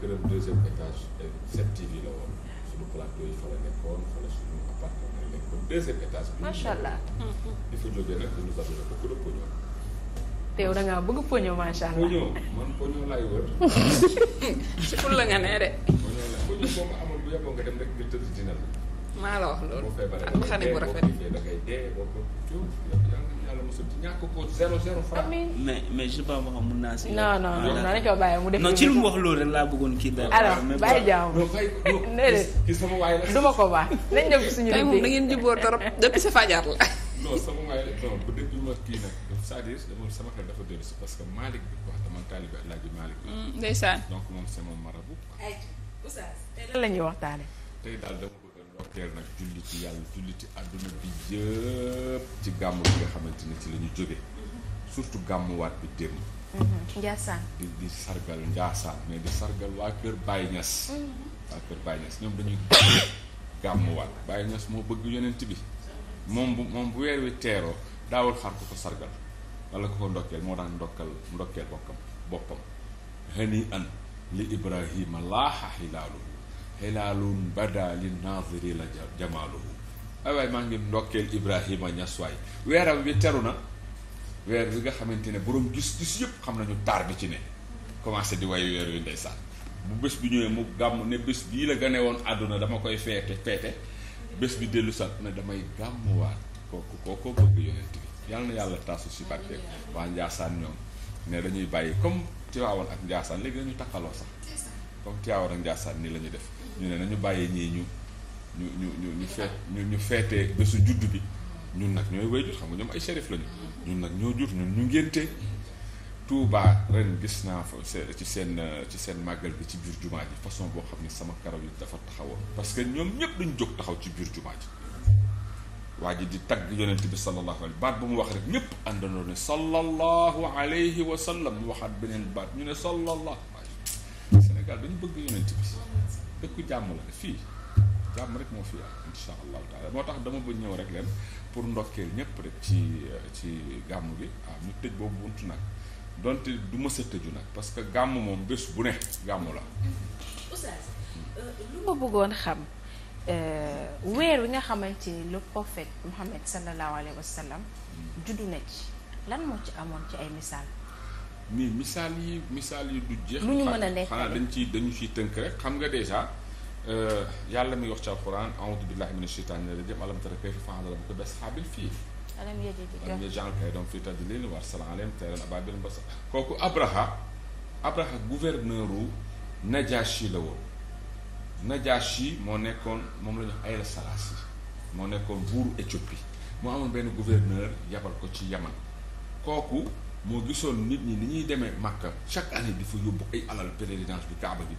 këram deuxième étage ay euh, 7TV la woon suñu plateau yi fa la nekkoon fa la suñu appartement yi nag ñu bari na beaucoup de pognon. teew da ngaa bëgg pognon macha allah. pognon man pognon laay wër. ci pour la nga de. pognon ma la. wax loolu. ko da ngay yàlla mosal ci ñàkk ko zéro zéro franc. mais mais je sais pas ma xam mun naa si. non non non nañu ko bàyyi mu def. non ci lu mu wax loolu rek laa bëggoon kii dara. alors bàyyi jaaw kii sama waay la. du ma ko baax nañ def suñu. tey moom da ngeen jubóor torop depuis sa fajar la. non sama waay la non bu déglu ma kii moom sama xel dafa dellu si parce que Malick bi wax dama taalibe El Hadj Malick. Mm, ndeysaan donc ay oustaz tey lan la ñuy waxtaane. tey daal dama ndokkeel nag julliti yàlla julliti àdduna bi yëpp ci gàmm bi nga xamante ni ci la ñu jóge gàmmuwaat bi démb mm-hmm. Ndiassane di di sargal Ndiassane mais di sargal waa kër Baye Niass mm-hmm. waa kër Baye Niass ñoom dañuy gàmmuwaat Baye Niass moo bëgg yonent bi moom bu moom bu weer wi teeroo daawul xar ko ko sargal wala ko ko ndokkeel moo daan ndokkal ndokkeel bokkam boppam hani an li ibrahima laaxa xilaaluhu ba bada lin naziri la jamaaluhu ay waay maa ngi ndokkeel Ibrahima Niass ñasuwaay weeram wi teru na weer bi nga xamante ne boroom gis-gis yëpp xam nañu taar bi ci ne commencé di way weer yu ndeysaan bu bés bi ñëwee mu gàmm ne bés bii la gane woon àdduna dama koy feete feete bés bi dellu sat ne damay gàmmuwaat kooku kooku bëgg yonent bi yàlla na yàlla tasu si barke waa Njaasaan ñoom ne dañuy bàyyi comme Tiwaawan ak Njaasaan léegi dañu takkaloo sax comme Tiwaawan ak Njaasaan nii la ñu def ñu ne nañu bàyyi ñii ñu ñu ñu ñu ñu ñu ñu feetee bésu juddu bi ñun nag ñooy way jur xam nga ñoom ay shérif lañu ñun nag ñoo jur ñun ñu ngénte Touba ren gis naa fa ci seen ci seen màggal bi ci biir jumaa ji façon boo xam ne sama karaw yi dafa taxawoon parce que ñoom ñëpp dañu jóg taxaw ci biir jumaa ji waa ji di tagg yonent bi sallallahu alayhi baat bu mu wax rek ñëpp àndandoo ne sallallahu alayhi wa sallam mu waxaat beneen baat ñu ne sallallahu Sénégal dañu bëgg yonent bi dëkku jàmm la fii jàmm rek moo fi am allahu taala moo tax dama bëgg ñëw rek leen pour ndokkeel ñépp rek ci ci gàmm bi ah ñu tëj boobu buntu nag donte du mës a tëju nag parce que gàmm moom bés bu ne gàmmu la. oustaz euh, lu ma bëggoon xam euh, weer wi nga xamante ni le prophète Mouhamed sallallahu alayhi wa sallam hmm. juddu na ci lan moo ci amoon ci ay misaal. mais misaal yi misaal yi du jeex. lu ñu mën a nekk xanaa dañ ciy dañu ciy tënk rek xam nga dèjà euh, yàlla mi wax ci alquran a'uudu billahi mina shaytaani rajiim alam tara kayfa fa'ala rabbuka bi ashaabil fiil alam yaj'al kaydahum fii tadliil wa arsala alayhim tayran abaabil basa kooku Abraha Abraha gouverneur u Najaashi la woon Najaashi moo nekkoon moom la ñu wax Haïla Sélassiye moo nekkoon buuru Éthiopie moo amoon benn gouverneur yabal ko ci Yaman moo gisoon nit ñi ni ñuy demee Makka chaque année di fa yóbbu ay alal pèlerinage bi Kaaba gi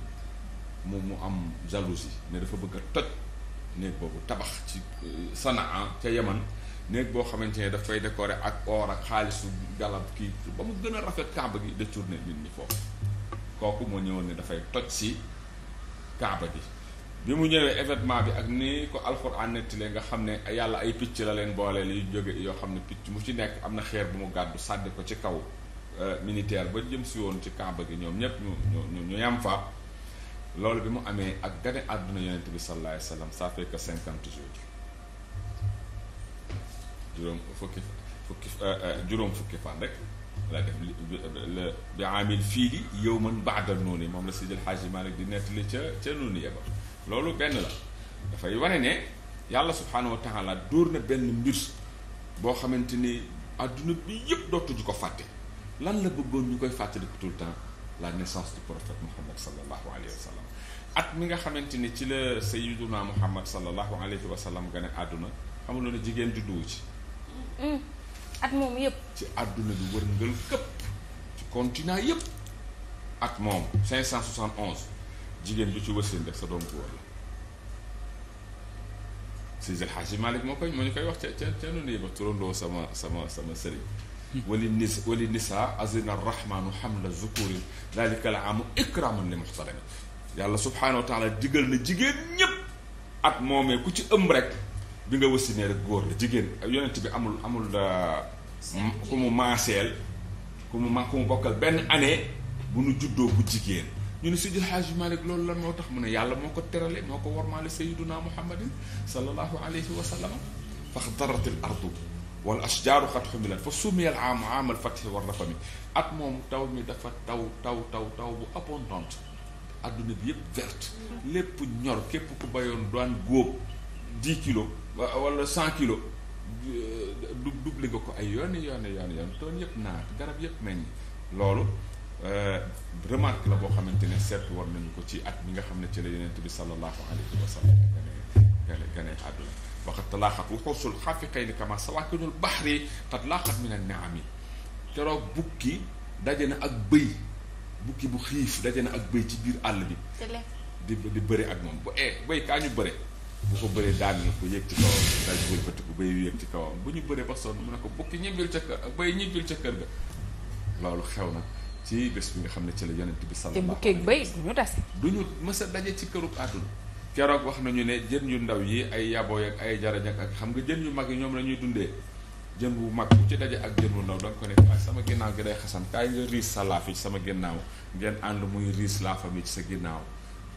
moom mu am jalousie ne dafa bëgg a toj néeg boobu tabax ci euh, Sanaa ca yeman néeg boo xamante ne dafay décorer ak or ak xaalisu galab kii ba mu gën a rafet Kaaba gi détourné nit ñi foofu kooku moo ñëwoon ne dafay toj si Kaaba gi bi mu ñëwee événement bi ak ni ko alxuraan nettalee nga xam ne yàlla ay picc la leen booleel yu jóge yoo xam ne picc mu ci nekk am na xeer bu mu gàddu sàdd ko ci kaw euh, militaire ba jëm si woon ci kàmba gi ñoom ñépp ñu ñu yam fa loolu bi mu amee ak gane àdduna yonent bi sallallahu alayhi wa que cinquante jours juróom fukki euh, euh, juróom fukki fan rek bi amil fii di yow man baadal noonu moom la si jël xaaji Malik di nettali ca ca noonu yeba loolu benn la dafay wane ne yàlla subhaanahu wa taala dóor na benn mbir boo xamante ni adduna bi yëpp dootuñu ko fàtte lan la bëggoon ñu koy fàttaliku tout le temps la naissance du prophète Muhammad sallallahu alayhi wa ak mi nga xamante ni ci la sayyiduna Muhammad sallallahu alayhi wa sallam gane àdduna xamuloo ne jigéen judduwu ci mm. at moom yëpp ci àdduna bi wërngël këpp ci continent yëpp at moom 571 jigéen ju ci wasin rek sa doom góor la Seydi El Hadji moo koy moo ñu koy wax ca ca ca nu ba turandoo sama sama sama sëriñ wali nis wali nisa azina rahmanu hamla zukurin dalika al amu ikraman li muxtarami yàlla subhaanahu wa taala digal na jigéen ñépp at moomee ku ci ëmb rek bi nga wasinee rek góor la jigéen yonent bi amul amul euh, ku mu maaseel ku mu ma ku mu bokkal benn année bu nu juddoo bu jigéen ñu ne Seydi Hadji Malick loolu lan moo tax mu ne yàlla moo ko terale moo ko wormaale sayyiduna muhammadin sallallahu alayhi wa sallam faxdarat al ardu wal ashjaaru qad xumilat fa sumiya al aam aam al fathi war rafami at moom taw mi dafa taw taw taw taw bu abondante adduna bi yëpp verte lépp ñor képp ku bayoon daan góob dix kilos wala cent kilos euh, du double nga ko ay yoon yoon yoon yoon toon yëpp naat garab yëpp meññ loolu Euh, remarque la boo xamante ne seetlu war nañu ko ci at mi nga xam ne ci la yonent bi sallallahu alayhi wa sallam gane gane gane àdduna waxat talaaxat wuxuusul xaafiqayni kama sawaakinul baxri tat laaxat min an naami keroog bukki daje na ak bëy bukki bu xiif daje na ak bëy ci biir àll bi di di bëri ak moom bu ee eh, bëy kaa ñu bëre bu bëree daan na ko yëg ci kawam daj wëlbati ko bëy yëg ci kawam bu ñu bëree ba mu ne ko bukki ñibbil ca kër bëy ñibbil ca loolu xew na ci bés bi nga xam ne ci la yonent bi sallallahu alayhi te bu keeg bay du ñu tas du ñu mës daje ci kërub àdduna keroog wax nañu ne jën yu ndaw yi ay yabooy ak ay jarañ ak xam nga jën yu mag yi ñoom la ñuy dundee jën wu mag bu ci daje ak jën wu ndaw da nga ko nekk sama ginnaaw gi day xasan kaay nga riis sa laaf yi sama ginnaaw ngeen ànd muy riis laafam yi ci sa ginnaaw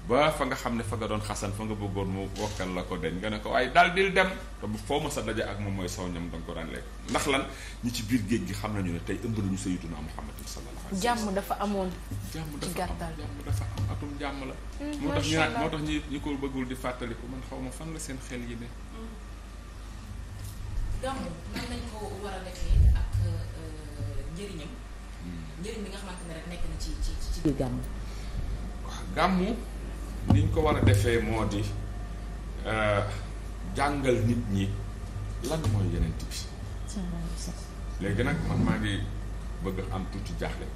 ba fa nga xam ne fa nga doon xasan fa nga bëggoon mu wokkal la ko dañ nga ne ko waaye dal dil dem te bu foo ma sa daje ak moom mooy saw ñam da nga ko daan lekk ndax lan ñi ci biir géej gi xam nañu ne tey ëmb nañu sayyiduna Muhammadin sallallahu alayhi wa sallam jàmm dafa amoon jàmm dafa am jàmm dafa am atum jàmm la mm, moo tax ñu moo tax ñi ñi ko bëggul di fàttaliku man xaw ma fan la seen xel yi ne gàmm nan lañ ko war a defee ak euh, njëriñam mm. njëriñ bi nga xamante na ci ci ci gàmm waaw gàmmu ni ko war a defee moo di euh, jàngal nit ñi lan mooy yeneen bi léegi nag man maa ngi bëgg am tuuti jaaxle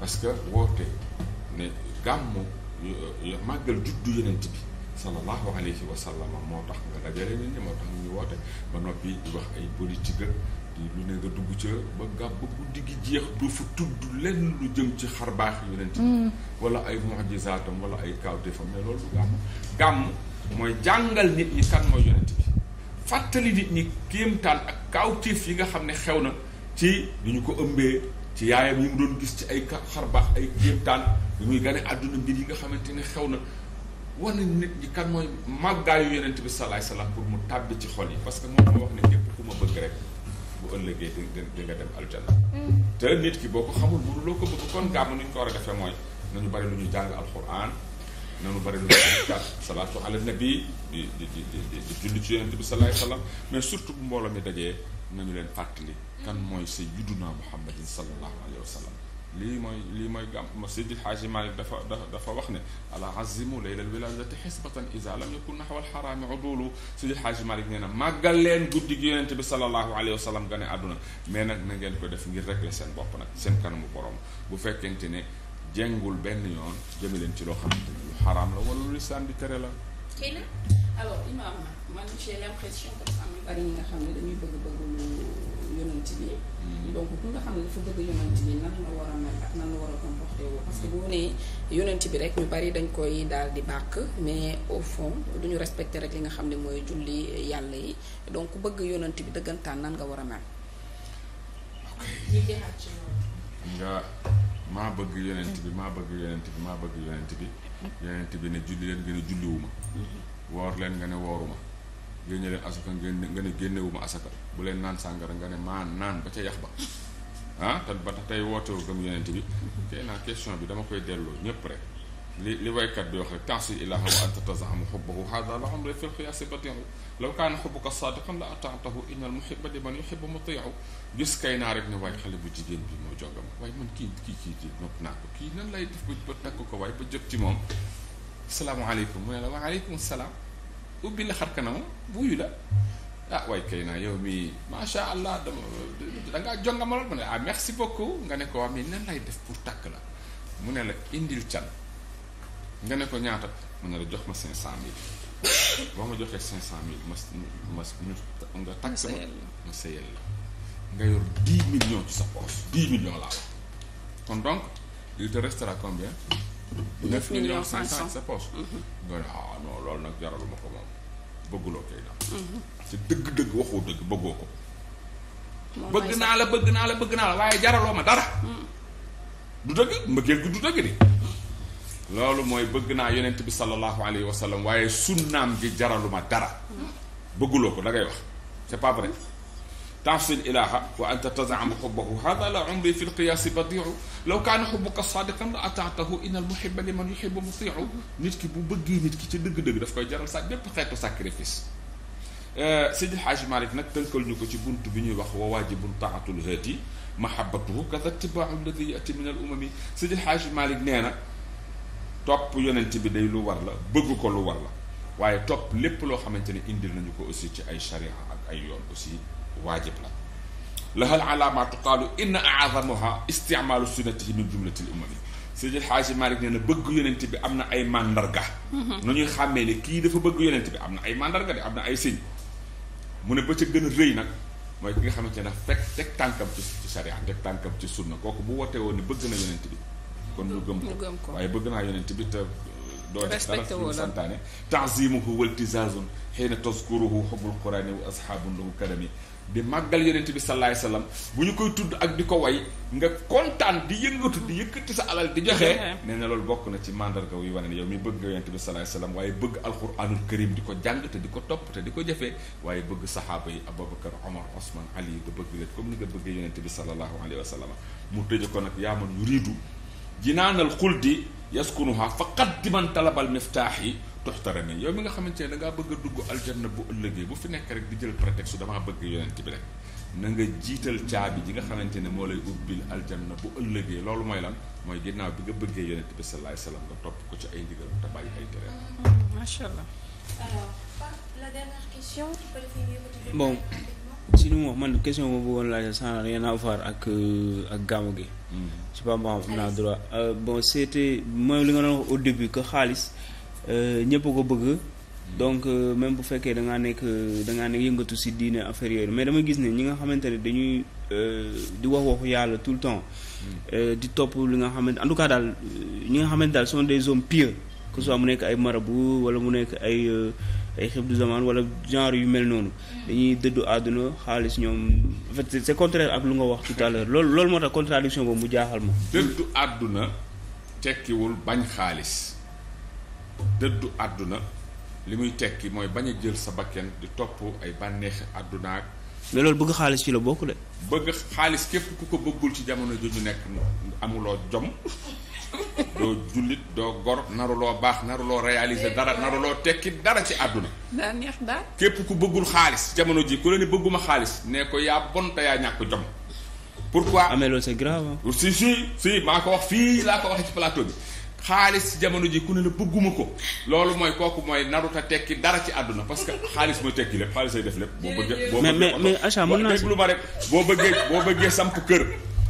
parce que woote ne gàmmu euh, màggal juddu yenent bi sallallahu alayhi wa sallam moo tax nga dajale nit ñi moo tax ñu woote ba noppi di wax ay politique lu ne nga dugg ca ba gàpp ba guddi gi jeex du fa tudd lenn lu jëm ci xar baax yonent bi mm. wala ay mu'jizaatam wala ay kaawteefam mais loolu du gàmm mooy jàngal nit ñi kan mooy yonent bi fàttali nit ñi kéemtaan ak kaawteef yi nga xam ne xew na ci li ñu ko ëmbee ci yaayam yi mu doon gis ci ay xar baax ay kéemtaan yu muy gane àdduna mbir yi nga xamante ne xew na wane nit ñi kan mooy màggaayu yonent bi salaay salaam pour mu tàbbi ci xol yi parce que moom moo wax ne képp ku ma bëgg rek bu ëllëgee di di nga dem aljana mm. te nit ki boo ko xamul mënuloo ko bëgg kon gàmm ni ñu ko war a defee mooy nañu bari lu ñu jàng alquran nañu bari lu ñu jàng salaatu ala nabi di di di di julli ci yonent bi salaay salaam mais surtout bu mbooloo mi dajee nañu leen fàttali kan mm. mooy si sayyiduna muhammadin sallallahu alayhi wa sallam lii mooy lii mooy gàmm Seydi Xaaji Maalik dafa dafa wax ne ala azimu laylal wilaadati xisbatan isa lam yakun naxwal xaraami udulu Seydi Xaaji Maalik nee na màggal leen guddi gi yonente bi salallahu alayhi wa sallam gane àdduna mais nag na ngeen ko def ngir régler seen bopp nag seen kanamu borom bu fekkente ne jengul benn yoon jëme leen ci loo xamante ne lu xaraam la wala lu lisaan di tere la xëy na alors imaam man j'ai l'impression que am ñu bari ñi nga xam ne dañuy bëgg bëgg lu yonent bi mm-hmm. donc ku nga xam ne dafa bëgg yonent bi nan la war a mel nan la war a comporté woo parce que boo yonent bi rek ñu bari dañ koy daal di bàkk mais au fond du ñu respecté rek li nga xam ne mooy julli yàlla yi donc bëgg yonent bi dëggantaan nan nga war a mel nga maa bëgg yonent bi maa bëgg yonent bi yonent bi yonent bi ne julli leen nga ne julliwuma mm-hmm. woor leen nga ne wooruma génne leen asaka nga ne génnewuma asaka bu leen naan sàngara nga ne maa naan ba ca yax ba ah te ba tax tey wootewu gëm yonent bi tey naa question bi dama koy delloo ñépp rek li li waykat bi wax rek tansu ilaha wa anta tazamu xubbahu hada la amre fil xiyaasi batiru law kaana xubbuka sadiqan la ataatahu kay naa rek ne waaye xale bu jigéen bi moo jongama waaye man kii kii kii nopp naa ko kii nan lay def ba takk ko waaye ba jot ci moom salaamaaleykum mu ne la waaleykum salaam ubbi la xar kanam wuyu la ah waay kay naa yow mi macha allah dama da ngaa jongamalal ma ne ah merci beaucoup nga ne ko waa mais nan lay def pour takk la mu ne la indil can nga ne ko ñaata mu ne la jox ma cinq cent mille boo ma joxee cinq cent mille ma ma nga takk ma ma sëyal yor dix millions ci sa poche dix millions laa kon donc il te restera combien neuf millions cinq cent sa poche mm-hmm. nga ne ah non loolu nag jaraluma ko moom bëgguloo koy daal. te dëgg-dëgg waxoo dëgg bëggoo ko. bëgg naa la bëgg naa la bëgg naa la waaye jaraloo ma dara. Mm. du dëgg mbëggeel gi du dëgg de. loolu mooy bëgg naa yonent bi sallallahu alayhi wa sallam waaye sunnaam gi jaraluma dara. Mm. bëgguloo ko da ngay wax c'est taafil ilaha wa anta tazaamu xubbahu hada la umri fi lqiyaasi badiu law kaana xubbuka saadiqan la ataatahu ina al muhiba liman yuhibu mutiu nit ki bu bëggee nit ki ci dëgg-dëgg daf koy jaral sa bépp xeetu sacrifice Seydi Haaji Malick nag tënkal ñu ko ci bunt bi ñuy wax wa waajibun taatul haati mahabbatuhu kada tibaau alladi yati min al umami Seydi Haaji Malick nee na topp yonent bi day lu war la bëgg ko lu war la waaye topp lépp loo xamante ne indil nañu ko aussi ci ay charia ak ay yoon aussi waajib la lahal alaama tuqaalu inna aazamaha isticmaalu sunnatihi min jumlatil umami Seydi El Hadji Malick nee na bëgg yonent bi am na ay mandarga mhm. nu ñuy xàmmee ne kii dafa bëgg yonent bi am na ay mandarga de am na ay signe mu ne ba ca gën a rëy nag mooy ki nga xamante ne fekk teg tànkam ci ci sariya teg tànkam ci sunna kooku bu wootee woon ni bëgg na yonent bi kon ñu gëm ko waaye bëgg naa yonent bi te doo def dara suñu santaane tanzimuhu waltizaazun xiina taskuruhu xubbul qurani wa ashaabun lahu karami di màggal yonent bi salaay salaam bu ñu koy tudd ak di ko way nga kontaan di yëngatu di yëkkati sa alal di joxe. nee na loolu bokk na ci mandarga yu wane ne yow mi bëgg nga yonent bi salaay salaam waaye bëgg alxuraanul karim di ko jàng te di ko topp te di ko jëfee waaye bëgg saxaaba yi Aboubacar Omar Ousmane Ali nga bëgg leen comme ni nga bëggee yonent bi sallallahu alayhi wa sallam mu tëjee ko nag yaa man yuriidu jinaanal xuldi yaskunuha faqad diman talabal miftaax yi. toxtare nañ yow mi nga xamante ne da bëgg a dugg aljanna bu ëllëgee bu fi nekk rek di jël prétexte damaa bëgg yonent bi rek na nga jiital caabi ji nga xamante ne moo lay ubbil aljanna bu ëllëgee loolu mooy lan mooy génnaaw bi nga bëggee yonent bi sallallahu alayhi wasallam ko ci ay ndigal te bàyyi ay mm-hmm. macha allah. alors si li mu wax man question boobu bëggoon laajal sans rien avoir ak euh, ak gàmmu gi. Mm-hmm. je sais pas bon am naa droit euh, bon c'était mooy li nga doon wax au début que xaalis. Euh, ñëpp ko bëgg. donc euh, même bu fekkee da ngaa nekk da ngaa nekk yëngatu si diine affaire mais dama gis ni ñi nga xamante ne dañuy euh, di wax waxu yàlla tout le temps. Hmm. di topp li nga xamante en tout cas daal ñi nga xamante daal sont des hommes pieux. que mu nekk ay marabu wala mu nekk ay ay xib du zaman wala genre yu mel noonu. dañuy dëddu àdduna xaalis ñoom en fait contraire ak lu nga wax ci à l'heure loolu moo tax contradiction boobu mu jaaxal ma. dëddu àdduna xaalis. dëddu àdduna li muy tekki mooy bañ a jël sa bakken di topp ay bànneexi àdduna ak mais loolu bëgg xaalis ci la bokk de. bëgg xaalis képp ku ko bëggul ci jamono ju ñu nekk amuloo jom doo jullit doo gor naruloo baax naruloo réaliser dara naruloo tekki dara ci àdduna. daa neex képp ku bëggul xaalis jamono ji ku la ne bëgguma xaalis ne ko yaa bon te yaa ñàkk jom. pourquoi amee ah, loolu c'est grave. si si si maa ko wax fii laa ko waxee ci plateau bi. xaalis jamono ji ku ne la bëgguma ko loolu mooy kooku mooy narut a tekki dara ci àdduna parce que xaalis mooy tekki lépp xaalis ay def lépp boo bëggee boo bëggee boo bëggee boo bëggee samp kër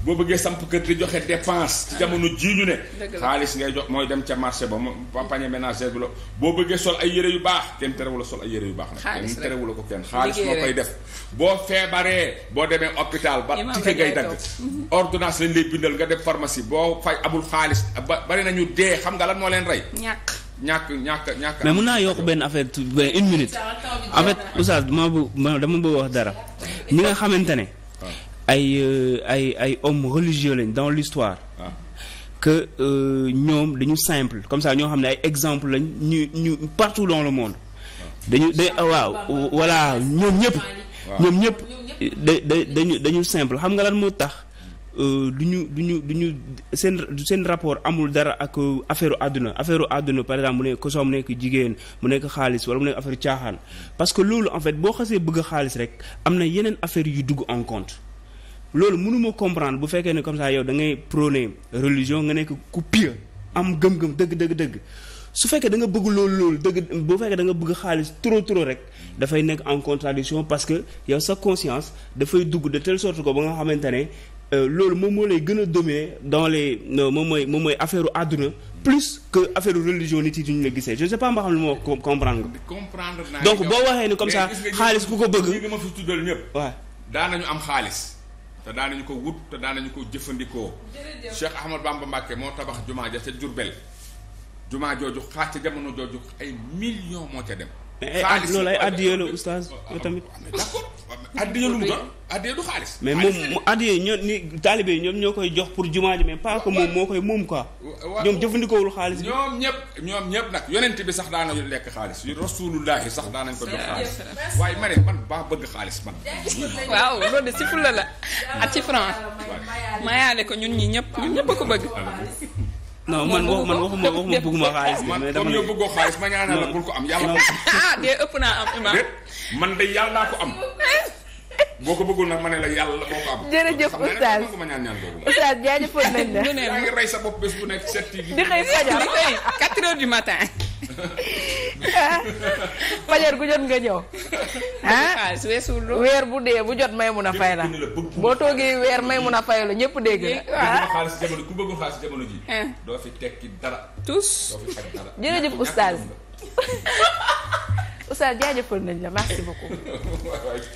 boo bëggee samp kër di joxe dépense ci jamono jii ne xaalis ngay jox mooy dem ca marché ba mo panier ménager bi la boo bëggee sol ay yére yu baax kenn terewu la sol ay yére yu baax nag kenn terewu ko kenn xaalis moo koy def boo feebaree boo demee hôpital ba ticket ngay dagg mhm. ordonnance lañ lay bindal nga dem pharmacie boo fay abul xaalis ba bari nañu dee xam nga lan moo leen rey ñàkk ñàkk ñàkk mais mun naa yokk benn affaire une minute en fait oustaz dama bëgg wax dara ñi nga ay euh, ay ay hommes religieux lañ dans l'histoire ah. que euh, ñoom dañu simple comme ça ñoo xam ne ay exemple lañ ñu ñu partout dans le monde dañu da ah, waaw voilà ñoom ñëpp ñoom ñëpp da da dañu dañu simple xam lan moo tax euh, du ñu du ñu du ñu seen seen rapport amul dara ak affaire adduna affaire àdduna par exemple mu nekk kosom mu nekk jigéen mu nekk xaalis wala mu nekk affaire caaxaan parce que loolu en fait boo xasee bëgg xaalis rek am na yeneen affaire yu dugg en compte loolu mënuma comprendre bu fekkee ne comme saa yow da ngay prôner religion nga nekk ku pieux am gëm-gëm dëgg dëgg dëgg su fekkee da nga bëgg loolu loolu dëgg bu fekkee da nga bëgg xaalis trop trop rek dafay nekk en contradiction parce que yow sa conscience dafay dugg de tele sorte ko ba nga xamante ne euh, loolu moom moo lay gën a dominer dans les moom mooy moom mooy affaire àdduna plus que affaire religion nit yi duñu la gisee je ne sais pas ma xam ne moo comprendre donc boo waxee ni comme ça xaalis ku ko bëgg. li ma fi tuddal ñëpp. waaw daanañu am xaalis. te daanañu ko wut te daanañu ko jëfandikoo Cheikh Ahmad Bamba Mbàkke moo tabax jumaa ja ca Jurbel jumaa jooju xaaj ca jamono jooju ay millions moo ca dem Eh, eh, xaalis loolu ay addiye la oustaz ah, yow tamit. d'accord addiye lu mu doon addiye du xaalis. mais moom mu addiye ñoo ni taalibe ñoom ñoo koy jox pour jumaa ji mais pas que moom moo koy moom quoi. ñoom jëfandikoowul xaalis bi. ñoom ñëpp ñoom ñëpp nag bi sax daan lekk xaalis yu rasulullahi sax daan nañu ko jox xaalis waaye ma ne man baa bëgg xaalis man. waaw ko ñun ñi ñëpp ko bëgg. non man wax man waxuma waxuma bëgguma xaalis mais dama ne yow bëggoo xaalis ma a la bul ko am yàlla. ah de ëpp naa am imaam man de yàlla naa ko am. boo ko bëggul nag ma ne la yàlla boo ko am. jërëjëf oustaz xam nga ñaan boobu. sa bopp bu jot nga ñëw. ah weer bu dee bu jot may mun a fay la. boo toogee weer may mun a fay la ñëpp dégg la. waaw xaalis jamono ku bëgg xaalis jamono ji. Eh. doo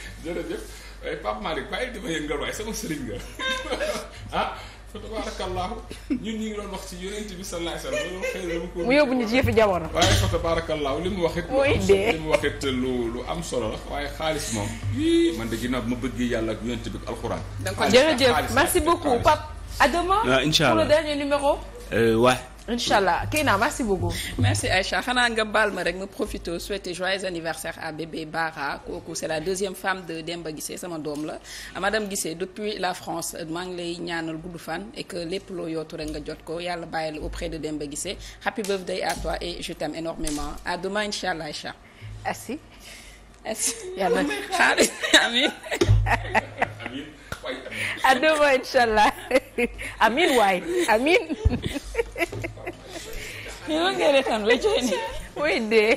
nañ waaye eh, Pape Malick bàyyi di ma yëngal waaye sama sëriñ nga ah fa tabaarakallaahu ñun ñu ngi doon wax ci yonent bi sallallahu alayhi wasallam loolu mu yóbbu ñu ci yëfi jamono waaye fa tabaarakallaahu li mu waxit li mu waxit lu lu am solo la waaye xaalis moom man de ginnaaw ma bëggee yàlla ak yonent bi ak alxuraan jërëjëf merci beaucoup Pape à demain ah, pour le dernier numéro euh, ouais incha allah Keina merci beaucoup. merci Aïcha xanaa nga baal ma rek ma profité souhaiter joyeux anniversaire à bébé Bara kooku c' la deuxième femme de Demba Guissé sama doom la ah, madame Guissé depuis la France maa ngi lay ñaanal gudd fan et que lépp loo yootu rek nga jot ko yàlla bàyyi la auprès de Demba Guissé happy birthday à toi et je énormément à demain incha allah Aïcha. merci. merci à demain incha allah waay amiin. mais lan ngay reetaan ba cooy nii. muy dee.